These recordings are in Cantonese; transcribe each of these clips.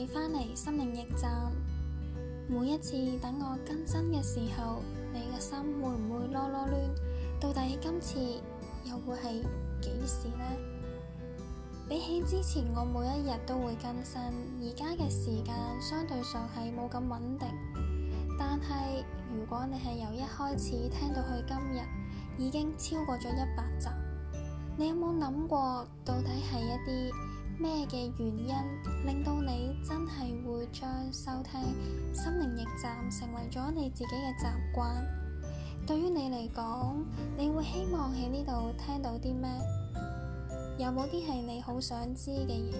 你翻嚟心靈驛站，每一次等我更新嘅時候，你嘅心會唔會囉囉攣？到底今次又會係幾時呢？比起之前，我每一日都會更新，而家嘅時間相對上係冇咁穩定。但係如果你係由一開始聽到去今日，已經超過咗一百集，你有冇諗過到底係一啲？咩嘅原因令到你真係會將收聽心靈驛站成為咗你自己嘅習慣？對於你嚟講，你會希望喺呢度聽到啲咩？有冇啲係你好想知嘅嘢？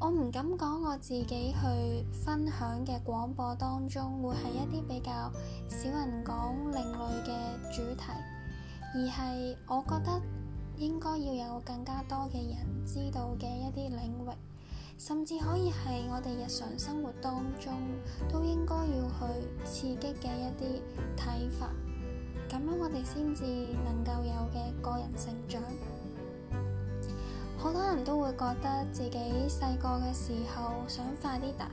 我唔敢講我自己去分享嘅廣播當中，會係一啲比較少人講另類嘅主題，而係我覺得。要有更加多嘅人知道嘅一啲領域，甚至可以係我哋日常生活當中都應該要去刺激嘅一啲睇法，咁樣我哋先至能夠有嘅個人成長。好多人都會覺得自己細個嘅時候想快啲大，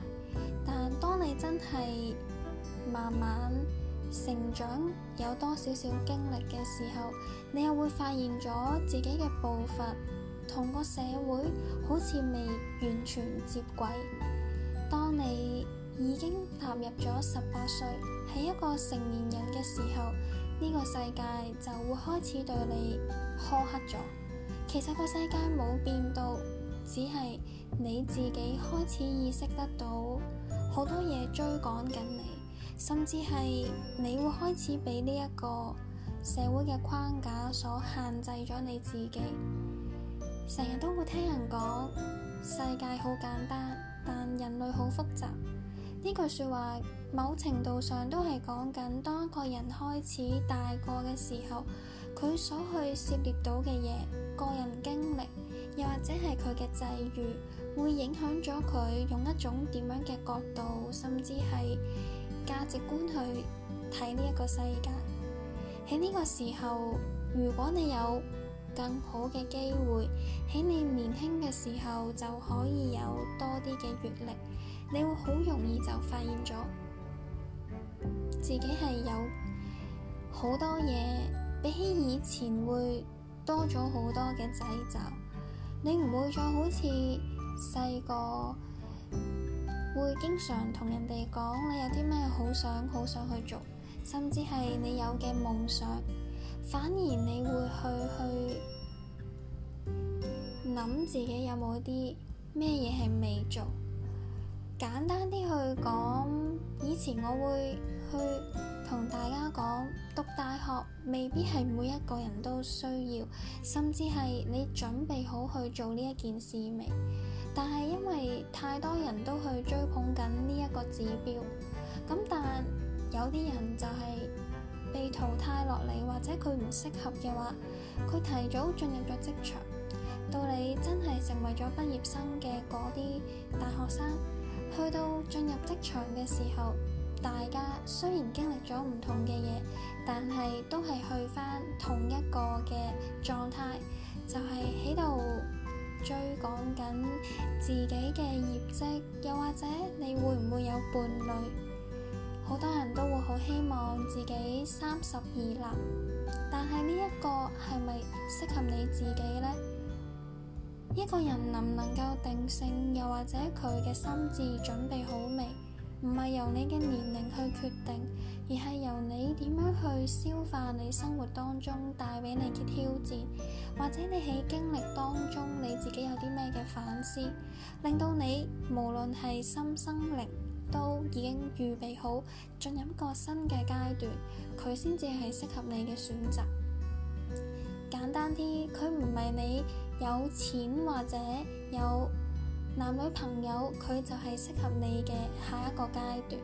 但當你真係慢慢。成長有多少少經歷嘅時候，你又會發現咗自己嘅步伐同個社會好似未完全接軌。當你已經踏入咗十八歲，係一個成年人嘅時候，呢個世界就會開始對你苛刻咗。其實個世界冇變到，只係你自己開始意識得到好多嘢追趕緊你。甚至係你會開始俾呢一個社會嘅框架所限制咗你自己，成日都會聽人講世界好簡單，但人類好複雜。呢句說話某程度上都係講緊當一個人開始大個嘅時候，佢所去涉獵到嘅嘢、個人經歷，又或者係佢嘅際遇，會影響咗佢用一種點樣嘅角度，甚至係價值觀去睇呢一個世界。喺呢個時候，如果你有更好嘅機會，喺你年輕嘅時候就可以有多啲嘅閲歷，你會好容易就發現咗自己係有好多嘢，比起以前會多咗好多嘅掣肘。你唔會再好似細個。會經常同人哋講你有啲咩好想好想去做，甚至係你有嘅夢想。反而你會去去諗自己有冇啲咩嘢係未做。簡單啲去講，以前我會去同大家講，讀大學未必係每一個人都需要，甚至係你準備好去做呢一件事未？但係因為太多人都去追捧緊呢一個指標，咁但有啲人就係被淘汰落嚟，或者佢唔適合嘅話，佢提早進入咗職場，到你真係成為咗畢業生嘅嗰啲大學生，去到進入職場嘅時候，大家雖然經歷咗唔同嘅嘢，但係都係去翻同一個嘅狀態，就係喺度。追趕緊自己嘅業績，又或者你會唔會有伴侶？好多人都會好希望自己三十而立，但係呢一個係咪適合你自己咧？一個人能唔能夠定性，又或者佢嘅心智準備好？由你嘅年齡去決定，而係由你點樣去消化你生活當中帶俾你嘅挑戰，或者你喺經歷當中你自己有啲咩嘅反思，令到你無論係心、身、靈都已經預備好進入一個新嘅階段，佢先至係適合你嘅選擇。簡單啲，佢唔係你有錢或者有男女朋友佢就係適合你嘅下一個階段。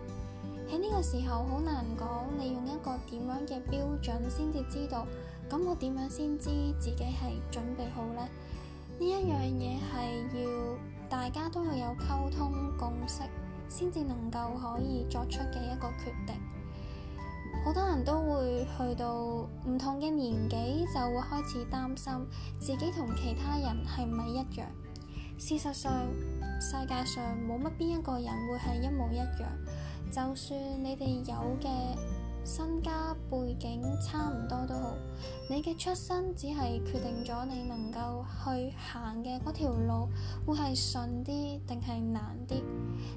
喺呢個時候，好難講，你用一個點樣嘅標準先至知道，咁我點樣先知自己係準備好咧？呢一樣嘢係要大家都係有溝通共識，先至能夠可以作出嘅一個決定。好多人都會去到唔同嘅年紀，就會開始擔心自己同其他人係唔係一樣。事實上，世界上冇乜邊一個人會係一模一樣。就算你哋有嘅身家背景差唔多都好，你嘅出身只係決定咗你能夠去行嘅嗰條路會係順啲定係難啲。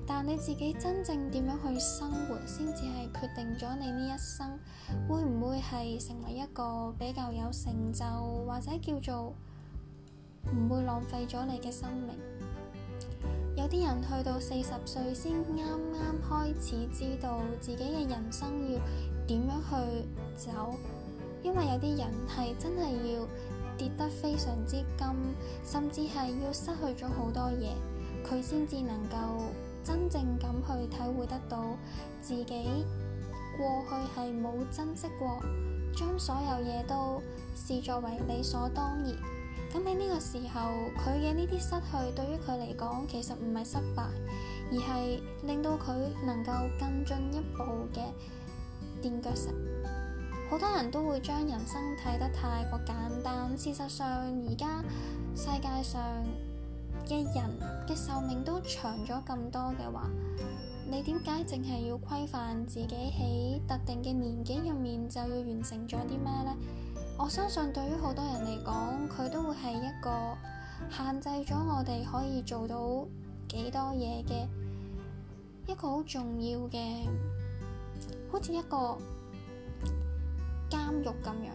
但你自己真正點樣去生活，先至係決定咗你呢一生會唔會係成為一個比較有成就或者叫做……唔會浪費咗你嘅生命。有啲人去到四十歲先啱啱開始知道自己嘅人生要點樣去走，因為有啲人係真係要跌得非常之深，甚至係要失去咗好多嘢，佢先至能夠真正咁去體會得到自己過去係冇珍惜過，將所有嘢都視作為理所當然。咁喺呢個時候，佢嘅呢啲失去對於佢嚟講，其實唔係失敗，而係令到佢能夠更進一步嘅墊腳石。好多人都會將人生睇得太過簡單，事實上而家世界上嘅人嘅壽命都長咗咁多嘅話，你點解淨係要規範自己喺特定嘅年紀入面就要完成咗啲咩呢？我相信對於好多人嚟講，佢都會係一個限制咗我哋可以做到幾多嘢嘅一個好重要嘅，好似一個監獄咁樣。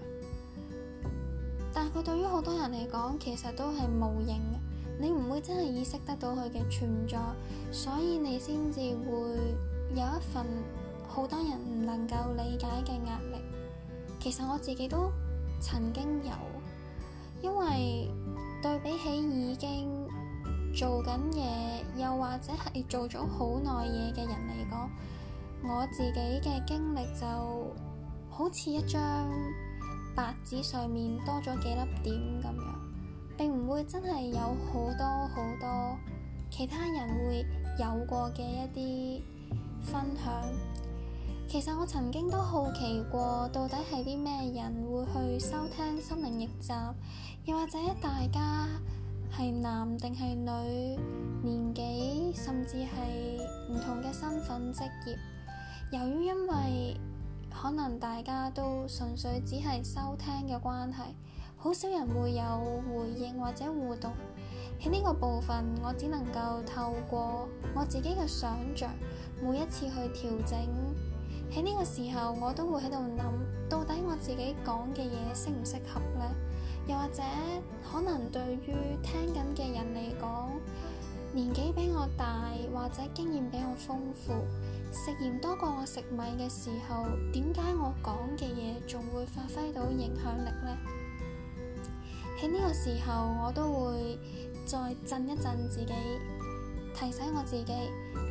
但係佢對於好多人嚟講，其實都係無形嘅，你唔會真係意識得到佢嘅存在，所以你先至會有一份好多人唔能夠理解嘅壓力。其實我自己都～曾經有，因為對比起已經做緊嘢，又或者係做咗好耐嘢嘅人嚟講，我自己嘅經歷就好似一張白紙上面多咗幾粒點咁樣，並唔會真係有好多好多其他人會有過嘅一啲分享。其實我曾經都好奇過，到底係啲咩人會去收聽《心靈驛站》，又或者大家係男定係女、年紀，甚至係唔同嘅身份、職業。由於因為可能大家都純粹只係收聽嘅關係，好少人會有回應或者互動。喺呢個部分，我只能夠透過我自己嘅想像，每一次去調整。喺呢個時候，我都會喺度諗，到底我自己講嘅嘢適唔適合呢？又或者可能對於聽緊嘅人嚟講，年紀比我大或者經驗比我豐富，食鹽多過我食米嘅時候，點解我講嘅嘢仲會發揮到影響力呢？喺呢個時候，我都會再震一震自己。提醒我自己，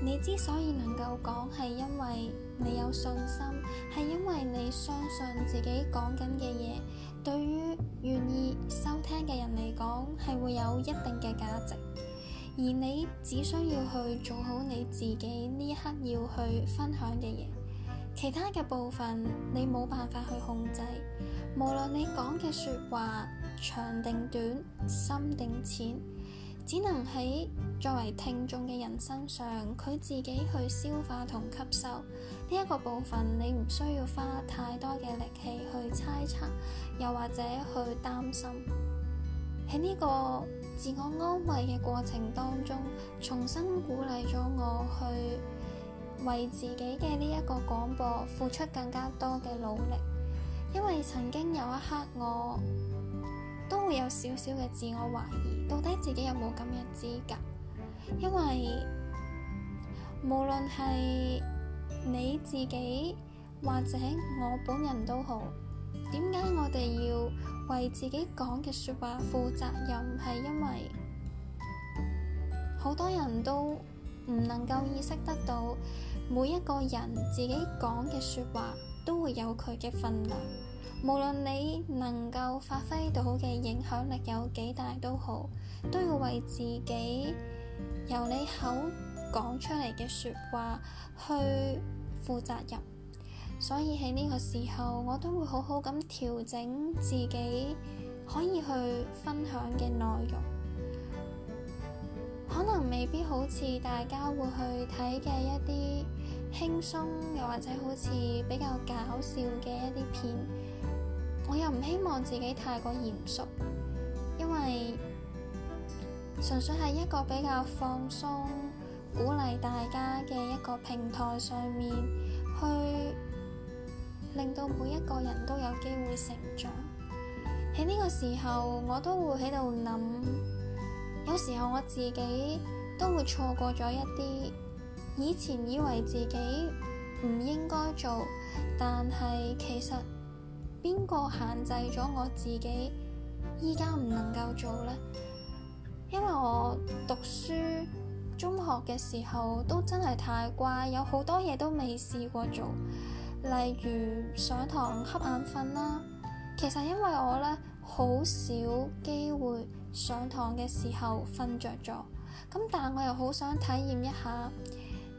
你之所以能夠講，係因為你有信心，係因為你相信自己講緊嘅嘢，對於願意收聽嘅人嚟講，係會有一定嘅價值。而你只需要去做好你自己呢一刻要去分享嘅嘢，其他嘅部分你冇辦法去控制。無論你講嘅說話長定短，深定淺。只能喺作為聽眾嘅人身上，佢自己去消化同吸收呢一個部分，你唔需要花太多嘅力氣去猜測，又或者去擔心。喺呢個自我安慰嘅過程當中，重新鼓勵咗我去為自己嘅呢一個廣播付出更加多嘅努力，因為曾經有一刻我都會有少少嘅自我懷疑。到底自己有冇咁嘅資格？因為無論係你自己或者我本人都好，點解我哋要為自己講嘅說話負責任？係因為好多人都唔能夠意識得到，每一個人自己講嘅說話都會有佢嘅份量。無論你能夠發揮到嘅影響力有幾大都好，都要為自己由你口講出嚟嘅說話去負責任。所以喺呢個時候，我都會好好噉調整自己可以去分享嘅內容，可能未必好似大家會去睇嘅一啲輕鬆，又或者好似比較搞笑嘅一啲片。我又唔希望自己太過嚴肅，因為純粹係一個比較放鬆、鼓勵大家嘅一個平台上面，去令到每一個人都有機會成長。喺呢個時候，我都會喺度諗，有時候我自己都會錯過咗一啲以前以為自己唔應該做，但係其實……邊個限制咗我自己依家唔能夠做呢？因為我讀書中學嘅時候都真係太乖，有好多嘢都未試過做，例如上堂瞌眼瞓啦。其實因為我呢，好少機會上堂嘅時候瞓着咗，咁但我又好想體驗一下。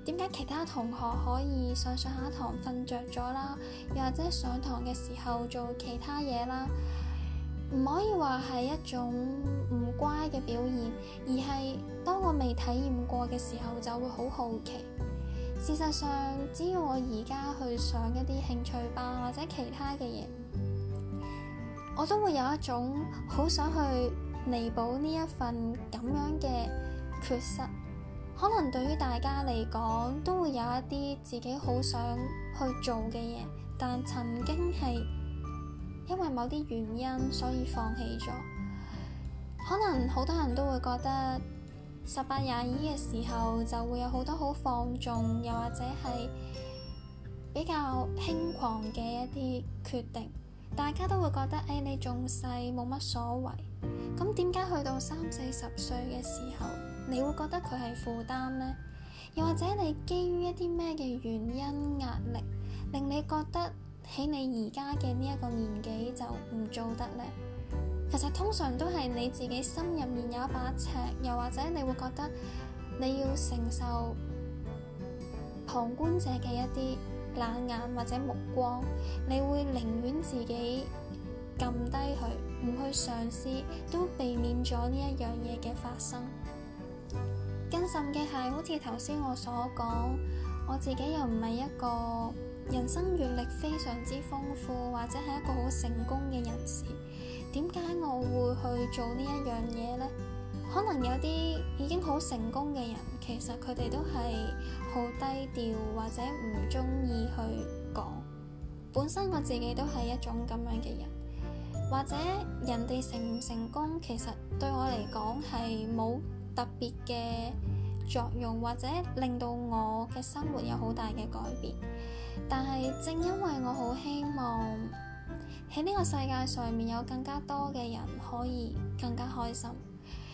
點解其他同學可以上上下堂瞓着咗啦，又或者上堂嘅時候做其他嘢啦，唔可以話係一種唔乖嘅表現，而係當我未體驗過嘅時候就會好好奇。事實上，只要我而家去上一啲興趣班或者其他嘅嘢，我都會有一種好想去彌補呢一份咁樣嘅缺失。可能對於大家嚟講，都會有一啲自己好想去做嘅嘢，但曾經係因為某啲原因所以放棄咗。可能好多人都會覺得十八廿二嘅時候就會有好多好放縱，又或者係比較輕狂嘅一啲決定。大家都會覺得誒、哎，你仲細冇乜所謂，咁點解去到三四十歲嘅時候，你會覺得佢係負擔呢？又或者你基於一啲咩嘅原因壓力，令你覺得喺你而家嘅呢一個年紀就唔做得呢？其實通常都係你自己心入面有一把尺，又或者你會覺得你要承受旁觀者嘅一啲冷眼或者目光，你會寧願自己撳低佢，唔去嘗試，都避免咗呢一樣嘢嘅發生。真心嘅係，好似頭先我所講，我自己又唔係一個人生閱歷非常之豐富，或者係一個好成功嘅人士。點解我會去做呢一樣嘢呢？可能有啲已經好成功嘅人，其實佢哋都係好低調，或者唔中意去講。本身我自己都係一種咁樣嘅人，或者人哋成唔成功，其實對我嚟講係冇。特別嘅作用，或者令到我嘅生活有好大嘅改變。但係正因為我好希望喺呢個世界上面有更加多嘅人可以更加開心。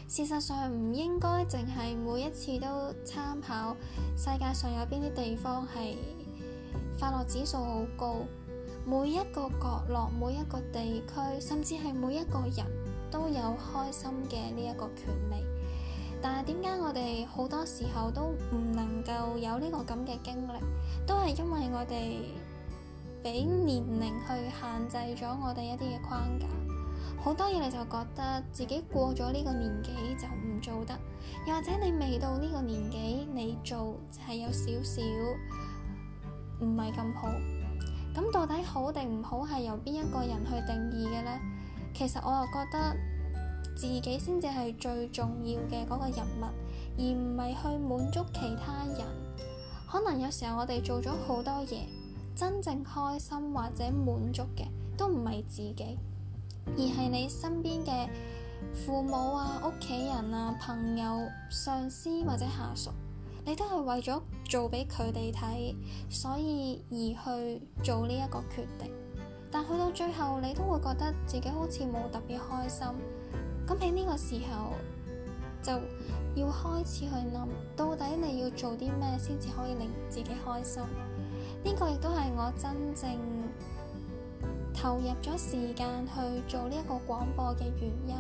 事實上唔應該淨係每一次都參考世界上有邊啲地方係快樂指數好高，每一個角落、每一個地區，甚至係每一個人都有開心嘅呢一個權利。但係點解我哋好多時候都唔能夠有呢個咁嘅經歷，都係因為我哋俾年齡去限制咗我哋一啲嘅框架。好多嘢你就覺得自己過咗呢個年紀就唔做得，又或者你未到呢個年紀你做係有少少唔係咁好。咁到底好定唔好係由邊一個人去定義嘅呢？其實我又覺得。自己先至係最重要嘅嗰個人物，而唔係去滿足其他人。可能有時候我哋做咗好多嘢，真正開心或者滿足嘅都唔係自己，而係你身邊嘅父母啊、屋企人啊、朋友、上司或者下屬，你都係為咗做俾佢哋睇，所以而去做呢一個決定。但去到最後，你都會覺得自己好似冇特別開心。咁喺呢個時候就要開始去諗，到底你要做啲咩先至可以令自己開心？呢個亦都係我真正投入咗時間去做呢一個廣播嘅原因，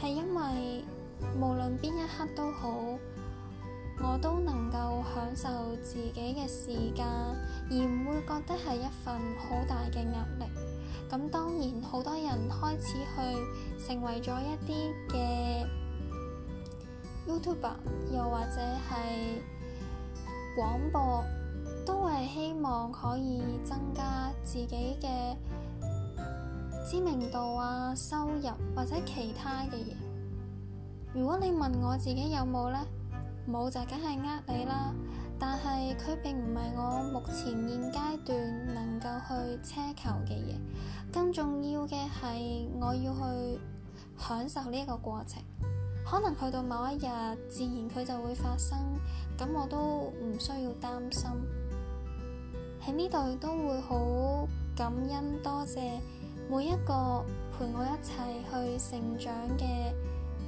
係因為無論邊一刻都好，我都能夠享受自己嘅時間，而唔會覺得係一份好大嘅壓力。咁當然，好多人開始去成為咗一啲嘅 YouTuber，又或者係廣播，都係希望可以增加自己嘅知名度啊、收入或者其他嘅嘢。如果你問我自己有冇呢？冇就梗係呃你啦。但係佢並唔係我目前現階段能夠去奢求嘅嘢，更重要嘅係我要去享受呢一個過程。可能去到某一日，自然佢就會發生，咁我都唔需要擔心。喺呢度都會好感恩多謝每一個陪我一齊去成長嘅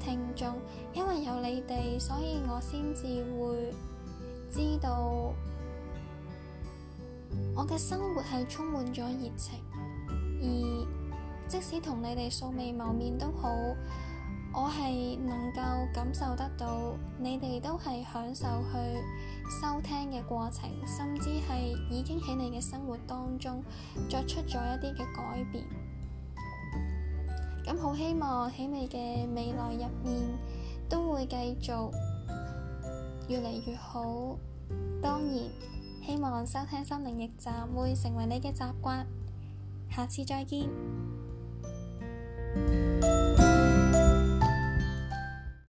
聽眾，因為有你哋，所以我先至會，知道我嘅生活係充滿咗熱情，而即使同你哋素未謀面都好，我係能夠感受得到你哋都係享受去收聽嘅過程，甚至係已經喺你嘅生活當中作出咗一啲嘅改變。咁好希望喺你嘅未來入面都會繼續。越嚟越好，當然，希望收聽《心靈驛站》會成為你嘅習慣。下次再見。